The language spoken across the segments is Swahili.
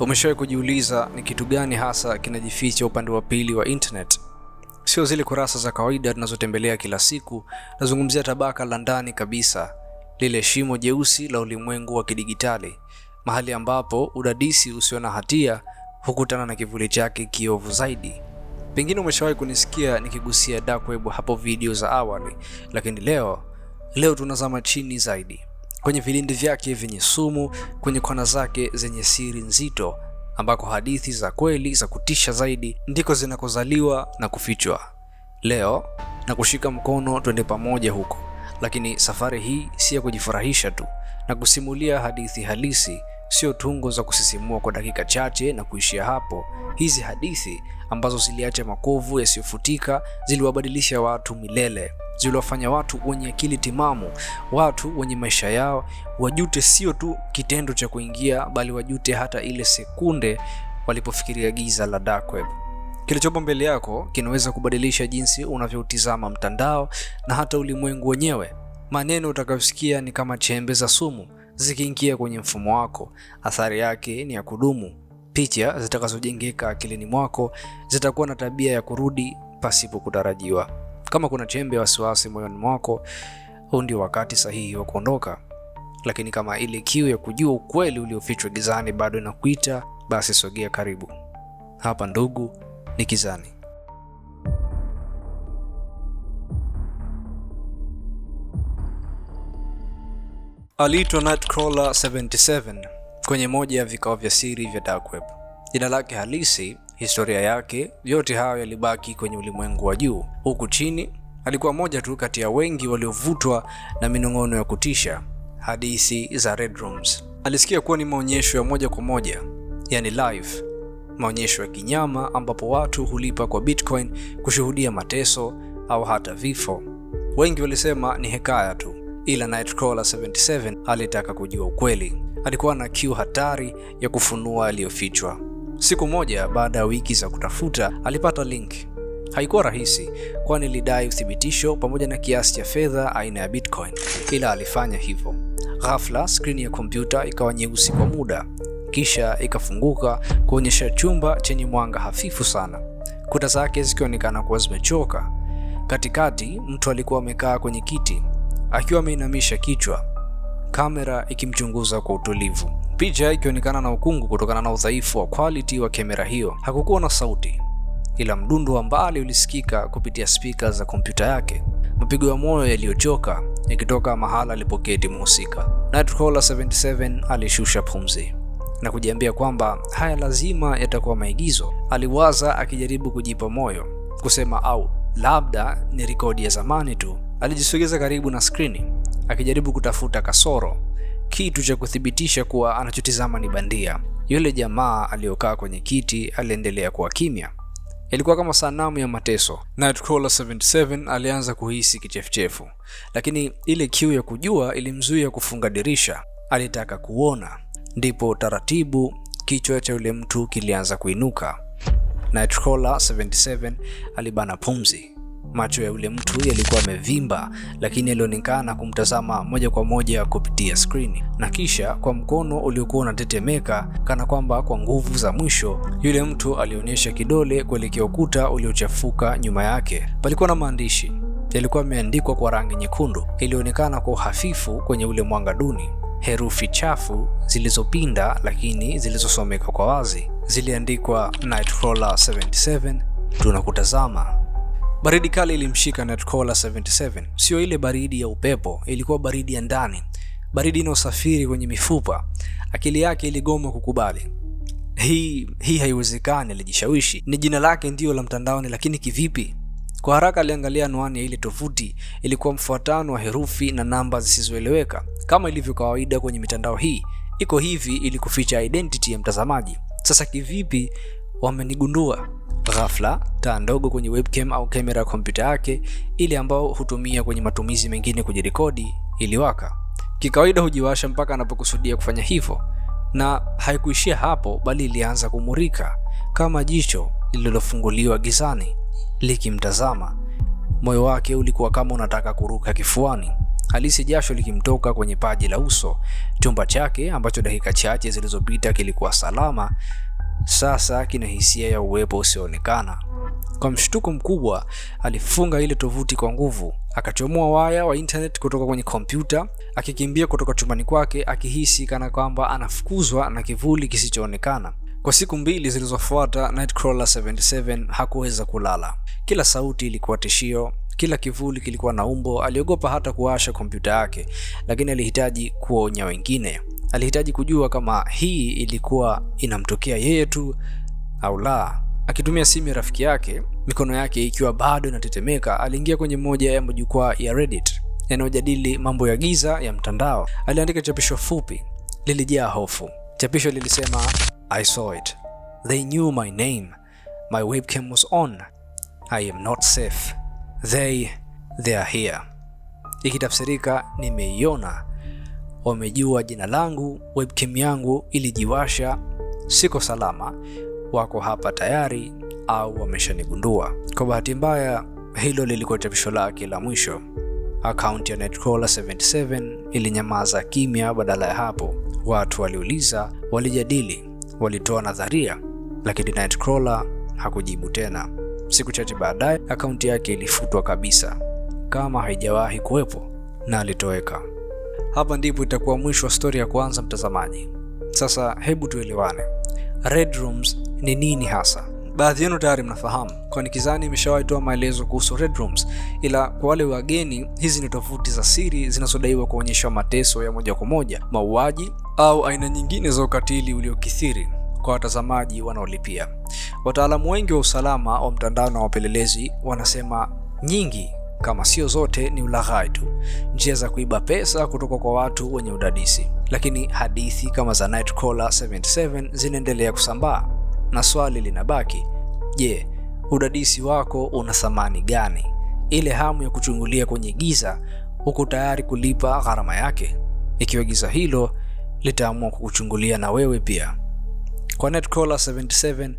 Umeshawahi kujiuliza ni kitu gani hasa kinajificha upande wa pili wa internet? Sio zile kurasa za kawaida tunazotembelea kila siku, nazungumzia tabaka la ndani kabisa, lile shimo jeusi la ulimwengu wa kidigitali, mahali ambapo udadisi usio na hatia hukutana na kivuli chake kiovu zaidi. Pengine umeshawahi kunisikia nikigusia dark web hapo video za awali, lakini leo leo tunazama chini zaidi kwenye vilindi vyake vyenye sumu, kwenye kona zake zenye siri nzito, ambako hadithi za kweli za kutisha zaidi ndiko zinakozaliwa na kufichwa. Leo na kushika mkono twende pamoja huko, lakini safari hii si ya kujifurahisha tu, na kusimulia hadithi halisi, sio tungo za kusisimua kwa dakika chache na kuishia hapo. Hizi hadithi ambazo ziliacha makovu yasiyofutika ziliwabadilisha watu milele ziliwafanya watu wenye akili timamu, watu wenye maisha yao wajute sio tu kitendo cha kuingia, bali wajute hata ile sekunde walipofikiria giza la dark web. Kilichopo mbele yako kinaweza kubadilisha jinsi unavyotizama mtandao na hata ulimwengu wenyewe. Maneno utakayosikia ni kama chembe za sumu zikiingia kwenye mfumo wako, athari yake ni ya kudumu. Picha zitakazojengeka akilini mwako zitakuwa na tabia ya kurudi pasipo kutarajiwa. Kama kuna chembe ya wasiwasi moyoni mwako, huu ndio wakati sahihi wa kuondoka. Lakini kama ile kiu ya kujua ukweli uliofichwa gizani bado inakuita, basi sogea karibu. Hapa ndugu, ni Gizani. Aliitwa Nightcrawler 77 kwenye moja ya vikao vya siri vya dark web. Jina lake halisi Historia yake yote hayo yalibaki kwenye ulimwengu wa juu. Huku chini alikuwa moja tu kati ya wengi waliovutwa na minong'ono ya kutisha, hadithi za Red Rooms. Alisikia kuwa ni maonyesho ya moja kwa moja, yani live, maonyesho ya kinyama ambapo watu hulipa kwa Bitcoin kushuhudia mateso au hata vifo. Wengi walisema ni hekaya tu, ila Nightcrawler 77 alitaka kujua ukweli. Alikuwa na kiu hatari ya kufunua yaliyofichwa. Siku moja baada ya wiki za kutafuta, alipata link. Haikuwa rahisi, kwani ilidai uthibitisho pamoja na kiasi cha fedha aina ya Bitcoin, ila alifanya hivyo. Ghafla skrini ya kompyuta ikawa nyeusi kwa muda, kisha ikafunguka kuonyesha chumba chenye mwanga hafifu sana, kuta zake zikionekana kuwa zimechoka. Katikati mtu alikuwa amekaa kwenye kiti akiwa ameinamisha kichwa, kamera ikimchunguza kwa utulivu picha ikionekana na ukungu kutokana na udhaifu wa quality wa kamera hiyo. Hakukuwa na sauti, ila mdundo wa mbali ulisikika kupitia spika za kompyuta yake, mapigo ya moyo yaliyochoka yakitoka mahala alipoketi mhusika. Nightcrawler 77 alishusha pumzi na kujiambia kwamba haya lazima yatakuwa maigizo, aliwaza akijaribu kujipa moyo kusema, au labda ni rekodi ya zamani tu. Alijisogeza karibu na skrini akijaribu kutafuta kasoro kitu cha kuthibitisha kuwa anachotizama ni bandia. Yule jamaa aliyokaa kwenye kiti aliendelea kuwa kimya. Ilikuwa kama sanamu ya mateso. Nightcrawler 77 alianza kuhisi kichefuchefu, lakini ile kiu ya kujua ilimzuia kufunga dirisha. Alitaka kuona. Ndipo taratibu kichwa cha yule mtu kilianza kuinuka. Nightcrawler 77 alibana pumzi. Macho ya yule mtu yalikuwa yamevimba, lakini yalionekana kumtazama moja kwa moja kupitia skrini, na kisha kwa mkono uliokuwa unatetemeka kana kwamba kwa nguvu za mwisho, yule mtu alionyesha kidole kuelekea ukuta uliochafuka nyuma yake. Palikuwa na maandishi yalikuwa yameandikwa kwa rangi nyekundu ilionekana kwa uhafifu kwenye ule mwanga duni. Herufi chafu zilizopinda lakini zilizosomeka kwa wazi, ziliandikwa Nightcrawler 77 tunakutazama. Baridi kali ilimshika Nutcrawler 77, sio ile baridi ya upepo, ilikuwa baridi ya ndani, baridi inayosafiri kwenye mifupa. Akili yake iligoma kukubali. Hii hii haiwezekani, alijishawishi. Ni jina lake ndio la mtandaoni, lakini kivipi? Kwa haraka aliangalia anwani ya ile tovuti. Ilikuwa mfuatano wa herufi na namba zisizoeleweka. Kama ilivyo kawaida kwenye mitandao hii, iko hivi ili kuficha identity ya mtazamaji. Sasa kivipi wamenigundua? Ghafla taa ndogo kwenye webcam au kamera ya kompyuta yake ile ambao hutumia kwenye matumizi mengine kujirekodi iliwaka. Kikawaida hujiwasha mpaka anapokusudia kufanya hivyo, na haikuishia hapo, bali ilianza kumurika kama jicho lililofunguliwa gizani likimtazama. Moyo wake ulikuwa kama unataka kuruka kifuani, halisi jasho likimtoka kwenye paji la uso. Chumba chake ambacho dakika chache zilizopita kilikuwa salama sasa kina hisia ya uwepo usioonekana. Kwa mshtuko mkubwa, alifunga ile tovuti kwa nguvu, akachomoa waya wa internet kutoka kwenye kompyuta, akikimbia kutoka chumbani kwake, akihisi kana kwamba anafukuzwa na kivuli kisichoonekana. Kwa siku mbili zilizofuata, Nightcrawler 77 hakuweza kulala. Kila sauti ilikuwa tishio, kila kivuli kilikuwa na umbo. Aliogopa hata kuwasha kompyuta yake, lakini alihitaji kuonya wengine. Alihitaji kujua kama hii ilikuwa inamtokea yeye tu au la. Akitumia simu ya rafiki yake, mikono yake ikiwa bado inatetemeka, aliingia kwenye moja ya majukwaa ya Reddit yanayojadili mambo ya giza ya mtandao. Aliandika chapisho fupi, lilijaa hofu. Chapisho lilisema, I saw it. They knew my name. My webcam was on. I am not safe they they are here, ikitafsirika nimeiona, wamejua jina langu, webcam yangu ilijiwasha, siko salama, wako hapa tayari au wameshanigundua. Kwa bahati mbaya, hilo lilikuwa chapisho lake la mwisho. Akaunti ya Netcrawler 77 ilinyamaza kimya. Badala ya hapo, watu waliuliza, walijadili, walitoa nadharia, lakini Netcrawler hakujibu tena. Siku chache baadaye akaunti yake ilifutwa kabisa kama haijawahi kuwepo na alitoweka. Hapa ndipo itakuwa mwisho wa stori ya kwanza, mtazamaji. Sasa hebu tuelewane, Red Rooms ni nini hasa? Baadhi yenu tayari mnafahamu, kwani Kizani imeshawahi toa maelezo kuhusu Red Rooms, ila kwa wale wageni, hizi ni tovuti za siri zinazodaiwa kuonyesha mateso ya moja kwa moja, mauaji au aina nyingine za ukatili uliokithiri kwa watazamaji wanaolipia. Wataalamu wengi wa usalama wa mtandao na wapelelezi wanasema nyingi kama sio zote ni ulaghai tu, njia za kuiba pesa kutoka kwa watu wenye udadisi. Lakini hadithi kama za Nightcrawler 77 zinaendelea kusambaa na swali linabaki, je, udadisi wako una thamani gani? Ile hamu ya kuchungulia kwenye giza, uko tayari kulipa gharama yake? Ikiwa giza hilo litaamua kukuchungulia na wewe pia. Kwa Nightcrawler 77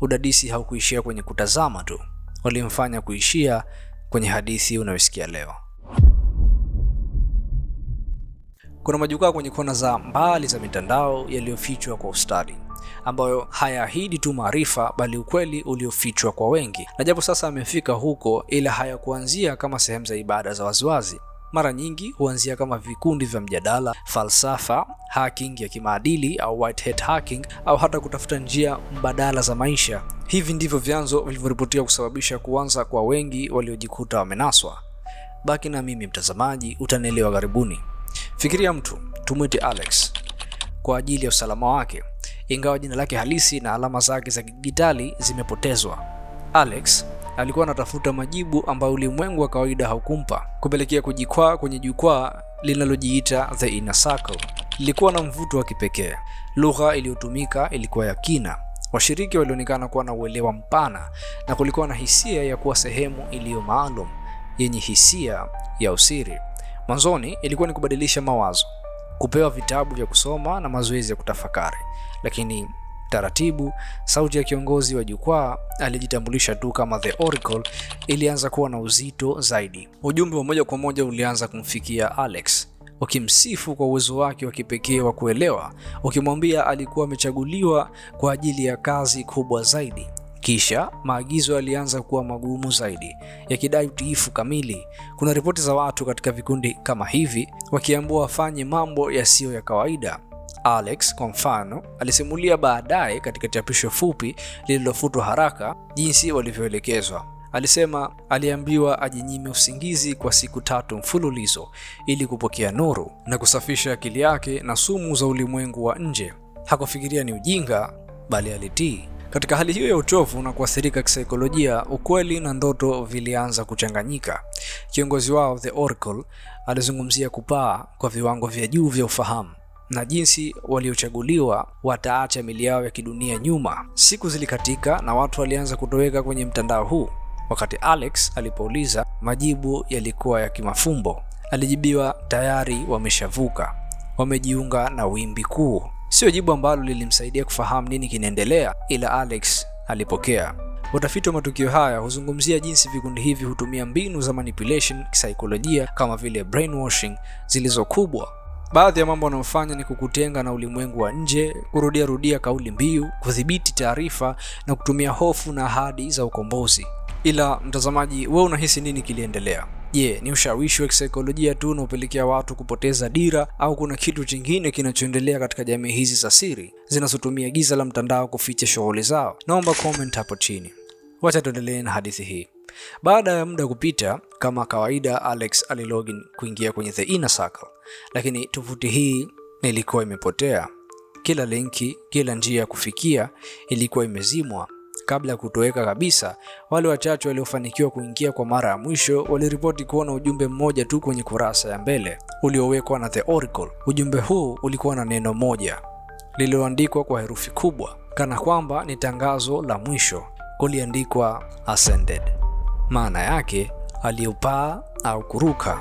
udadisi haukuishia kwenye kutazama tu, walimfanya kuishia kwenye hadithi unayosikia leo. Kuna majukwaa kwenye kona za mbali za mitandao yaliyofichwa kwa ustadi ambayo hayaahidi tu maarifa bali ukweli uliofichwa kwa wengi. Na japo sasa amefika huko, ila hayakuanzia kama sehemu za ibada za waziwazi mara nyingi huanzia kama vikundi vya mjadala, falsafa, hacking ya kimaadili au white hat hacking, au hata kutafuta njia mbadala za maisha. Hivi ndivyo vyanzo vilivyoripotiwa kusababisha kuanza kwa wengi waliojikuta wamenaswa. Baki na mimi mtazamaji, utanielewa. Karibuni. Fikiria mtu tumwite Alex kwa ajili ya usalama wake, ingawa jina lake halisi na alama zake za kidijitali zimepotezwa. Alex alikuwa anatafuta majibu ambayo ulimwengu wa kawaida haukumpa, kupelekea kujikwaa kwenye jukwaa linalojiita The Inner Circle. Lilikuwa na mvuto wa kipekee, lugha iliyotumika ilikuwa ya kina, washiriki walionekana kuwa na uelewa mpana, na kulikuwa na hisia ya kuwa sehemu iliyo maalum yenye hisia ya usiri. Mwanzoni ilikuwa ni kubadilisha mawazo, kupewa vitabu vya kusoma na mazoezi ya kutafakari, lakini Taratibu sauti ya kiongozi wa jukwaa aliyejitambulisha tu kama The Oracle ilianza kuwa na uzito zaidi. Ujumbe wa moja kwa moja ulianza kumfikia Alex, ukimsifu kwa uwezo wake wa kipekee wa kuelewa, ukimwambia alikuwa amechaguliwa kwa ajili ya kazi kubwa zaidi. Kisha maagizo yalianza kuwa magumu zaidi, yakidai utiifu kamili. Kuna ripoti za watu katika vikundi kama hivi wakiambua wafanye mambo yasiyo ya kawaida Alex kwa mfano alisimulia baadaye katika chapisho fupi lililofutwa haraka jinsi walivyoelekezwa. Alisema aliambiwa ajinyime usingizi kwa siku tatu mfululizo ili kupokea nuru na kusafisha akili yake na sumu za ulimwengu wa nje. Hakufikiria ni ujinga, bali alitii. Katika hali hiyo ya uchovu na kuathirika kisaikolojia, ukweli na ndoto vilianza kuchanganyika. Kiongozi wao the Oracle alizungumzia kupaa kwa viwango vya juu vya ufahamu na jinsi waliochaguliwa wataacha mili yao ya kidunia nyuma. Siku zilikatika na watu walianza kutoweka kwenye mtandao huu. Wakati Alex alipouliza, majibu yalikuwa ya kimafumbo. Alijibiwa tayari wameshavuka, wamejiunga na wimbi kuu. Sio jibu ambalo lilimsaidia kufahamu nini kinaendelea, ila Alex alipokea. Watafiti wa matukio haya huzungumzia jinsi vikundi hivi hutumia mbinu za manipulation kisaikolojia kama vile brainwashing zilizokubwa Baadhi ya mambo anayofanya ni kukutenga na ulimwengu wa nje, kurudia rudia kauli mbiu, kudhibiti taarifa na kutumia hofu na ahadi za ukombozi. Ila mtazamaji, wewe unahisi nini kiliendelea? Je, ni ushawishi wa kisaikolojia tu unaopelekea watu kupoteza dira au kuna kitu chingine kinachoendelea katika jamii hizi za siri zinazotumia giza la mtandao kuficha shughuli zao? Naomba comment hapo chini. Wacha tuendelee na hadithi hii. Baada ya muda kupita, kama kawaida, Alex alilogin kuingia kwenye The Inner Circle, lakini tovuti hii ilikuwa imepotea. Kila linki, kila njia ya kufikia ilikuwa imezimwa kabla ya kutoweka kabisa. Wale wachache waliofanikiwa kuingia kwa mara ya mwisho waliripoti kuona ujumbe mmoja tu kwenye kurasa ya mbele uliowekwa na The Oracle. Ujumbe huu ulikuwa na neno moja lililoandikwa kwa herufi kubwa, kana kwamba ni tangazo la mwisho kuliandikwa ascended, maana yake aliyopaa au kuruka.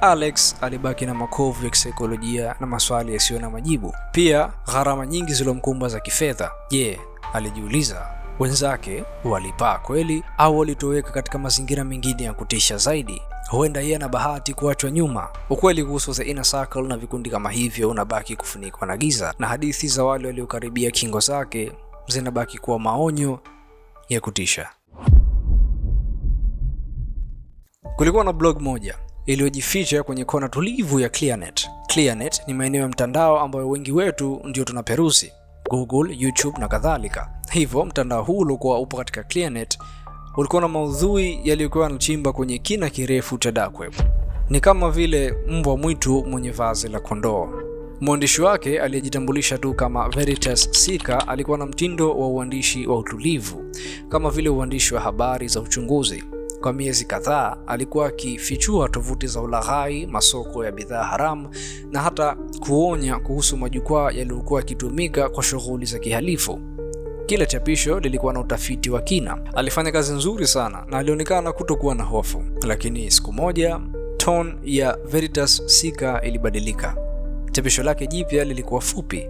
Alex alibaki na makovu ya kisaikolojia na maswali yasiyo na majibu, pia gharama nyingi zilomkumba za kifedha. Je, alijiuliza, wenzake walipaa kweli au walitoweka katika mazingira mengine ya kutisha zaidi? Huenda yeye ana bahati kuachwa nyuma. Ukweli kuhusu the inner circle na vikundi kama hivyo unabaki kufunikwa na giza, na hadithi za wale waliokaribia kingo zake zinabaki kuwa maonyo ya kutisha. Kulikuwa na blog moja iliyojificha kwenye kona tulivu ya Clearnet. Clearnet ni maeneo ya mtandao ambayo wengi wetu ndio tunaperusi Google, YouTube na kadhalika. Hivyo mtandao huu uliokuwa upo katika Clearnet ulikuwa na maudhui yaliyokuwa yanachimba kwenye kina kirefu cha dark web. Ni kama vile mbwa mwitu mwenye vazi la kondoo. Mwandishi wake aliyejitambulisha tu kama Veritas Sika alikuwa na mtindo wa uandishi wa utulivu, kama vile uandishi wa habari za uchunguzi. Kwa miezi kadhaa alikuwa akifichua tovuti za ulaghai, masoko ya bidhaa haramu na hata kuonya kuhusu majukwaa yaliyokuwa yakitumika kwa shughuli za kihalifu. Kila chapisho lilikuwa na utafiti wa kina. Alifanya kazi nzuri sana na alionekana kutokuwa na hofu, lakini siku moja tone ya Veritas Sika ilibadilika. Chapisho lake jipya lilikuwa fupi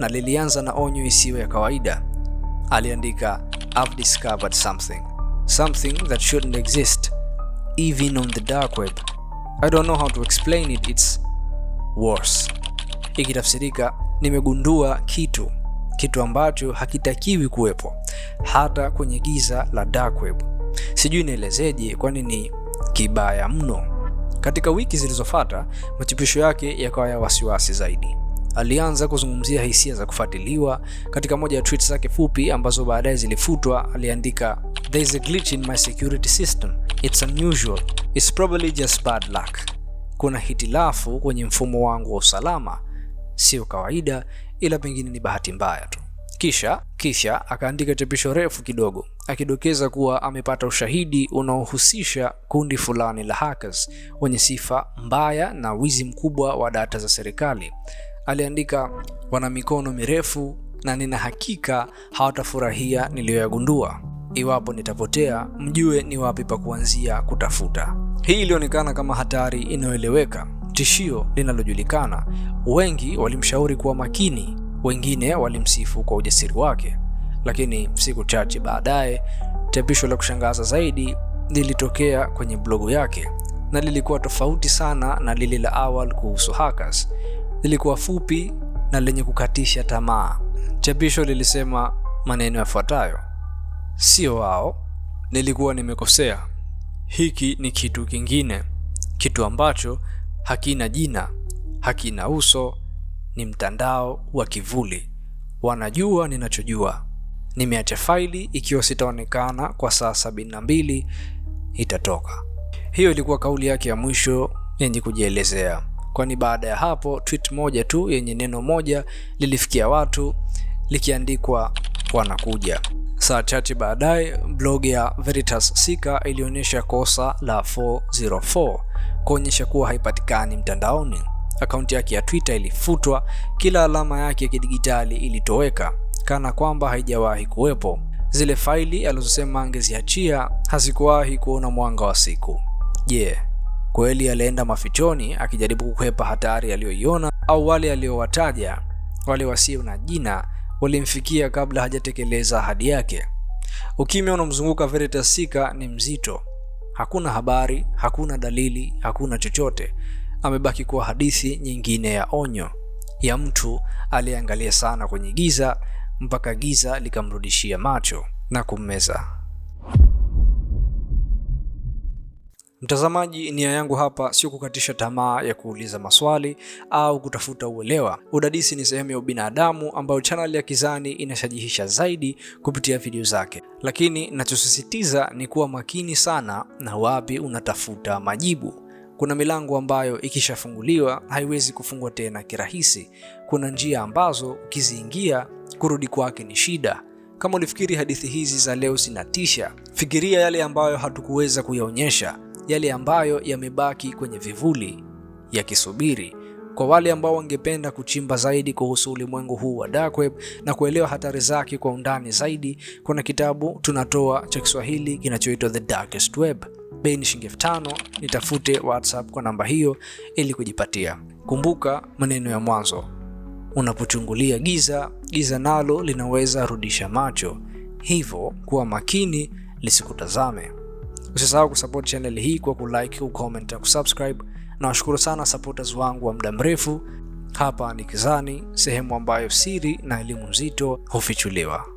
na lilianza na onyo isiyo ya kawaida. Aliandika, I've discovered something something that shouldn't exist even on the dark web. I don't know how to explain it, it's worse. Ikitafsirika, nimegundua kitu kitu ambacho hakitakiwi kuwepo hata kwenye giza la dark web. Sijui nielezeje, kwani ni kibaya mno. Katika wiki zilizofuata, machapisho yake yakawa ya wasiwasi zaidi. Alianza kuzungumzia hisia za kufuatiliwa. Katika moja ya tweets zake fupi ambazo baadaye zilifutwa, aliandika there is a glitch in my security system, it's unusual, it's probably just bad luck. Kuna hitilafu kwenye mfumo wangu wa usalama, sio kawaida, ila pengine ni bahati mbaya tu. Kisha kisha akaandika chapisho refu kidogo akidokeza kuwa amepata ushahidi unaohusisha kundi fulani la hackers wenye sifa mbaya na wizi mkubwa wa data za serikali. Aliandika, wana mikono mirefu na nina hakika hawatafurahia niliyoyagundua. Iwapo nitapotea, mjue ni wapi pa kuanzia kutafuta. Hii ilionekana kama hatari inayoeleweka, tishio linalojulikana. Wengi walimshauri kuwa makini wengine walimsifu kwa ujasiri wake, lakini siku chache baadaye chapisho la kushangaza zaidi lilitokea kwenye blogu yake, na lilikuwa tofauti sana na lile la awali kuhusu hackers. Lilikuwa fupi na lenye kukatisha tamaa. Chapisho lilisema maneno yafuatayo: sio wao, nilikuwa nimekosea. Hiki ni kitu kingine, kitu ambacho hakina jina, hakina uso ni mtandao wa kivuli. Wanajua ninachojua. Nimeacha faili ikiwa sitaonekana kwa saa mbili itatoka. Hiyo ilikuwa kauli yake ya mwisho yenye kujielezea, kwani baada ya hapo tweet moja tu yenye neno moja lilifikia watu likiandikwa wanakuja. Saa chache baadaye blog ya Veritas Sika ilionyesha kosa la 404 kuonyesha kuwa haipatikani mtandaoni. Akaunti yake ya Twitter ilifutwa, kila alama yake ya kidigitali ilitoweka kana kwamba haijawahi kuwepo. Zile faili alizosema angeziachia hazikuwahi kuona mwanga wa siku. Je, yeah, kweli alienda mafichoni akijaribu kukwepa hatari aliyoiona, au wale aliowataja wale wasio na jina walimfikia kabla hajatekeleza ahadi yake? Ukimya unamzunguka Veritas Sika ni mzito. Hakuna habari, hakuna dalili, hakuna chochote amebaki kuwa hadithi nyingine ya onyo ya mtu aliyeangalia sana kwenye giza mpaka giza likamrudishia macho na kummeza. Mtazamaji, nia yangu hapa sio kukatisha tamaa ya kuuliza maswali au kutafuta uelewa. Udadisi ni sehemu ya ubinadamu ambayo chaneli ya Kizani inashajihisha zaidi kupitia video zake, lakini nachosisitiza ni kuwa makini sana na wapi unatafuta majibu. Kuna milango ambayo ikishafunguliwa haiwezi kufungwa tena kirahisi. Kuna njia ambazo ukiziingia kurudi kwake ni shida. Kama ulifikiri hadithi hizi za leo zinatisha, fikiria yale ambayo hatukuweza kuyaonyesha, yale ambayo yamebaki kwenye vivuli yakisubiri. Kwa wale ambao wangependa kuchimba zaidi kuhusu ulimwengu huu wa dark web na kuelewa hatari zake kwa undani zaidi, kuna kitabu tunatoa cha Kiswahili kinachoitwa The Darkest Web bei ni shilingi elfu tano nitafute WhatsApp kwa namba hiyo ili kujipatia. Kumbuka maneno ya mwanzo, unapochungulia giza, giza nalo linaweza rudisha macho, hivyo kuwa makini lisikutazame. Usisahau kusupport channel hii kwa kulike, kucomment na kusubscribe. Na washukuru sana supporters wangu wa muda mrefu. Hapa ni Kizani, sehemu ambayo siri na elimu nzito hufichuliwa.